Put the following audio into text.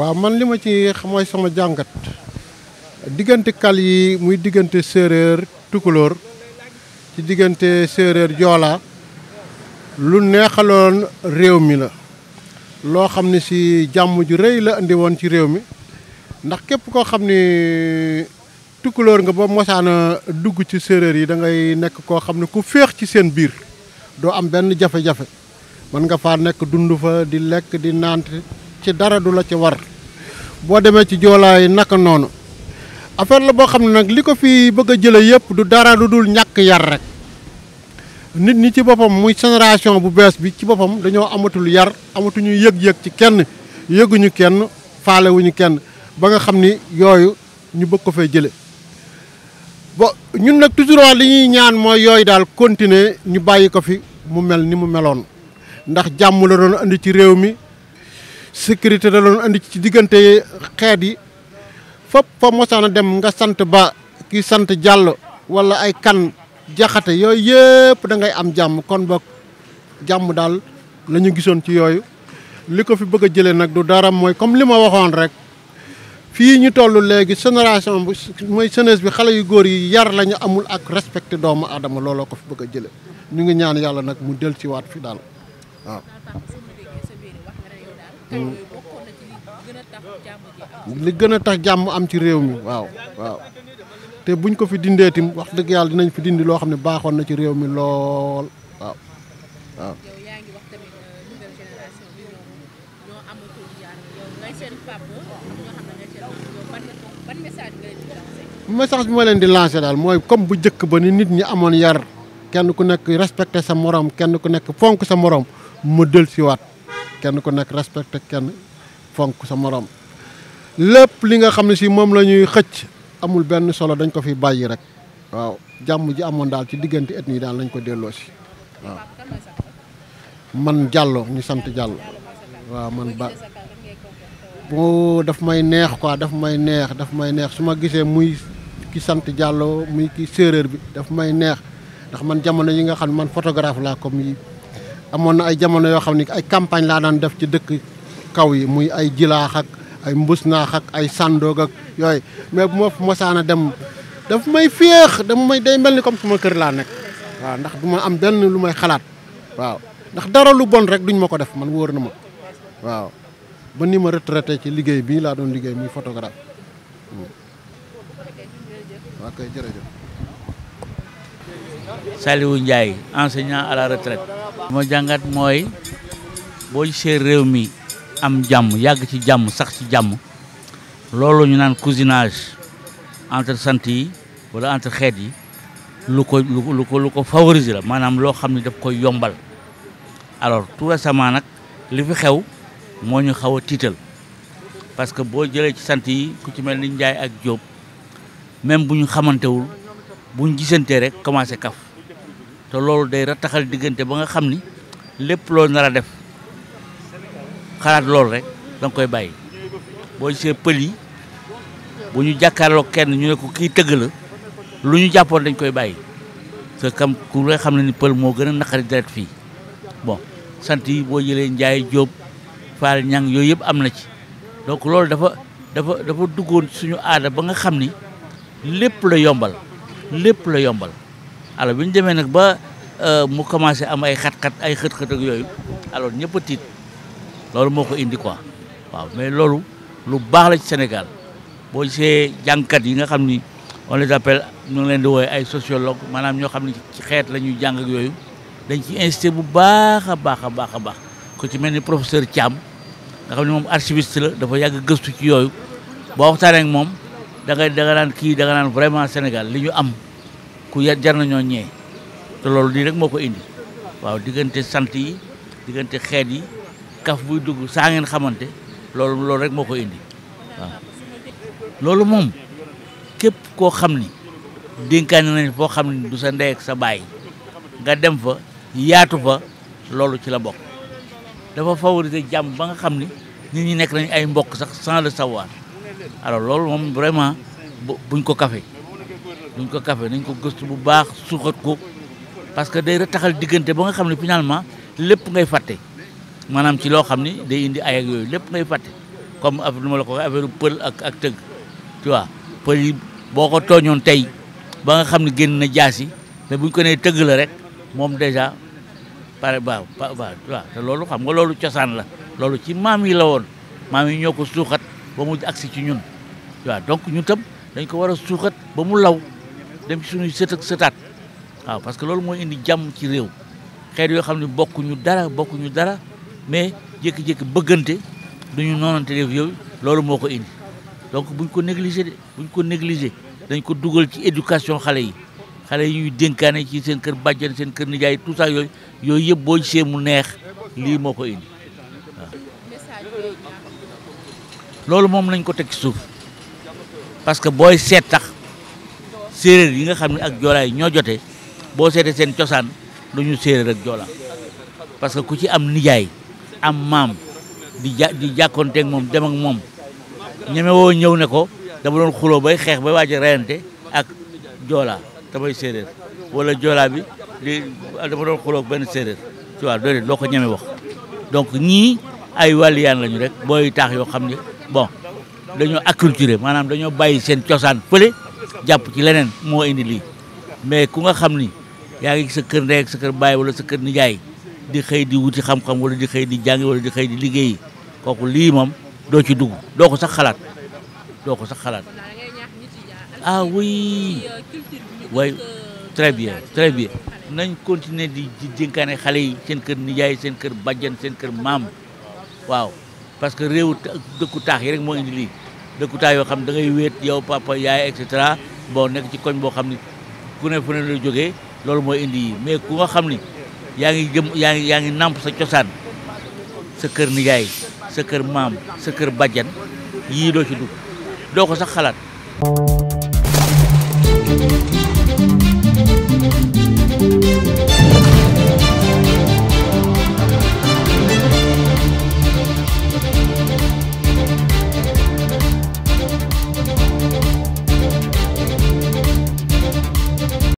waaw man li ma ci mooy sama jàngat diggante kal yi muy diggante séeréer tukulor ci diggante séeréer jola lu neexaloon réew mi la loo xam si jamu ju rëy la andi woon ci réew mi ndax képp koo xam ne nga ba mosaana dugg ci séeréer yi da ngay nekk koo xam ne ku féex ci seen biir doo am benn jafe-jafe man nga fa nekk dund fa di lek di nant ci dara du la ci war boo demee ci joolaay naka noonu affaire la boo xam ne nag li ko fi bëgg a jële yépp du dara lu dul ñàkk yar rek nit ñi ci boppam muy génération bu bees bi ci boppam dañoo amatul yar amatuñu yëg-yëg ci kenn yëguñu kenn faalewuñu kenn ba nga xam ni yooyu ñu bëgg ko fee jële bo ñun nag toujours li ñuy ñaan mooy yooyu daal continuer ñu bàyyi fi mu mel ni mu meloon ndax jàmm la doon andi ci réew mi sécurité da doon andi ci diggante xeet yi fop fa mosaan a dem nga sant ba ki sant wala ay kan jaxate yooyu yëpp da ngay am jàmm kon ba jàmm daal la ñu gisoon ci yooyu li fi bëgg a jëlee nag du dara mooy comme li ma rek ñu génération bi jeunesse bi yu yi yar lañu amul ak respecté doomu adam looloo ko fi bëgg a jëlee ñu ngi ñaan yàlla mu del ci waat fi Mm. li gën a tax jàmm am ci réew mi waaw waaw te buñ ko fi dindee tim wax dëgg yàlla dinañ fi dindi loo xam ne baaxoon na ci réew mi lool waaw waaw. Euh, message bi ma leen di lancé daal mooy comme bu njëkk ba ni nit ñi amoon yar kenn ku nekk respecté sa moroom kenn ku nekk fonk sa moroom mu dellusiwaat. kenn ku nekk respecté kenn fonk sa morom lépp li nga xam ne si xëcc amul benn solo dañ ko fi Jamu rek waaw jàmm ji amoon daal ci diggante etni nii daal nañ ko delloo si waaw man jàllo ñu sant jàllo waaw man ba bu daf may neex quoi daf may neex daf may neex su gisee muy ki sant jàllo muy ki séeréer bi daf may neex ndax man jamono yi nga xam man photographe laa comme amoon na ay jamono yoo xam ne ay campagne laa daan def ci dëkk kaw yi muy ay jilaax ak ay mbusnaax ak ay sandoog ak yooyu mais bu ma mosaana dem daf may féex daf may day mel ni comme suma kër laa nekk waaw ndax du ma am benn lu may xalaat waaw ndax dara lu bon rek duñ ma ko def man wóor na ma waaw ba ni ma retraité ci liggéey bii laa doon liggéey muy photographe waa hmm. kay jërëjëf enseignant à la ma jàngat mooy boo gisee réew mi am jàmm yàgg ci jàmm sax ci jàmm loolu ñu naan cousinage entre sant yi wala entre xeet yi lu ko lu ko lu ko favoriser la maanaam loo xam ne daf koy yombal alors tout récemment nag li fi xew moo ñu xaw a tiital parce que boo jëlee ci sant yi ku ci mel ni Njaay ak Jóob même bu ñu xamantewul bu ñu gisantee rek commencé kaf te loolu day rattaxal diggante ba nga xam ni lépp loo nar a def xalaat loolu rek da koy bàyyi boo gisee pël yi bu ñu jàkkaarloo kenn ñu ne ko kii tëgg la lu ñu jàppoon dañ koy bàyyi sa que kam ku nga xam ne ni pël moo gën a naqari deret fii bon sant yi boo jëlee Njaay Jóob Faal Ñang yooyu yëpp am na ci donc loolu dafa dafa dafa duggoon suñu aada ba nga xam ni lépp la yombal lépp la yombal ala bi ñu demee nag ba mu commencé am ay khat khat ay khat khat ak yooyu alors ñëpp a tiit loolu indi quoi waaw mais loolu lu baax la ci Sénégal boo gisee jàngkat yi nga xam ni on les appelle ñu ngi leen di woowee ay sociologue maanaam ñoo xam ci xeet la ñuy jàng ak yooyu dañ ci insisté bu baax a baax baax ci ni professeur Thiam nga xam ne archiviste la dafa yàgg gëstu ci yooyu boo waxtaanee ak moom da nga da nga naan da nga vraiment am ku ya jar nañoo ñee te loolu lii rek moo ko indi waaw diggante sant yi diggante xeet yi kaf buy dugg saa ngeen xamante loolu loolu rek moo ko indi waaw loolu moom képp koo xam ni dénkaane nañ foo xam ni du sa ndey ak sa bàyyi nga dem fa yaatu fa loolu ci la bokk dafa favoriser jàmm ba nga xam ni nit ñi nekk nañ ay mbokk sax sans le savoir alors loolu moom vraiment buñ ko kafe duñ ko kafe nañ ko gëstu bu baax suuxat ko parce que day retaxal diggante ba nga xam ne finalement lépp ngay fàtte maanaam ci loo xam ni day indi ay ak yooyu lépp ngay fàtte comme af lu ma la ko affaire pël ak ak tëgg tu pël yi boo ko tooñoon tey ba nga xam ne génn na jaasi mais buñ ko nee tëgg la rek moom déjà pare baaw baaw waaw te loolu xam nga loolu cosaan la loolu ci maam yi la woon maam yi ñoo ko suuxat ba mu agsi ci ñun waaw donc ñu tam dañ ko war a suuxat ba mu law dem ci suñuy sët ak sëtaat waaw parce que loolu mooy indi jàmm ci réew xeet yoo xam ne bokkuñu dara bokkuñu dara mais jékki-jékki bëggante duñu noonante def yooyu loolu moo ko indi donc buñ ko négligé buñ ko négligé dañ ko dugal ci éducation xale yi xale yi ñuy dénkaane ci seen kër bàjjan seen kër nijaay tout ça yooyu yooyu yëpp boo gisee mu neex lii moo ko indi moom lañ ko teg ci suuf parce booy seet tax séeréer yi nga xam ne ak joolaa yi ñoo jote boo seetee seen cosaan duñu séeréer ak joolaa parce que ku ci am nijaay am maam di ja di jàkkoonteeg moom dem moom ñeme woo ñëw ne ko dama doon xuloo bay xeex bay waaj a reyante ak joolaa damay séeréer wala joolaa bi di dama doon xuloo benn séeréer ci waa de loo ko ñeme wax donc ñii ay wàlliyaan lañu rek booy taax yoo xam ne bon dañoo acculturé maanaam dañoo bàyyi seen cosaan fële jàpp ci leneen moo indi lii mais ku nga xam ni yaa ngi sa kër ndey sa kër baay wala sa kër nijaay di xëy di wuti xam-xam wala di xëy di jàngi wala di xëy di liggéeyi kooku lii moom doo ci dugg doo ko sax xalaat doo ko sax xalaat ah oui way très bien très bien nañ continuer di di dénkaane xale yi seen kër nijaay seen kër bàjjan seen kër maam waaw parce que réew dëkku taax yi rek moo indi lii dëkkutaay yoo xam da ngay wéet yow papa yaay et cetera bon nekk ci koñ boo xam ni ku ne fu ne la jógee loolu mooy indi yi mais ku nga xam ni yaa ngi jëm yaa ngi yaa ngi sa cosaan sa sa ci ko sax